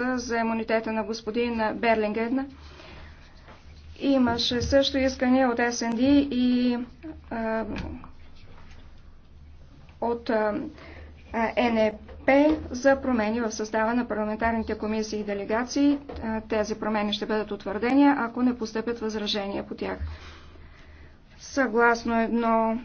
за имунитета на господин Берлинген. Имаше също искане от СНД и а, от а, НЕП за промени в състава на парламентарните комисии и делегации. Тези промени ще бъдат утвърдени, ако не постъпят възражения по тях. Съгласно едно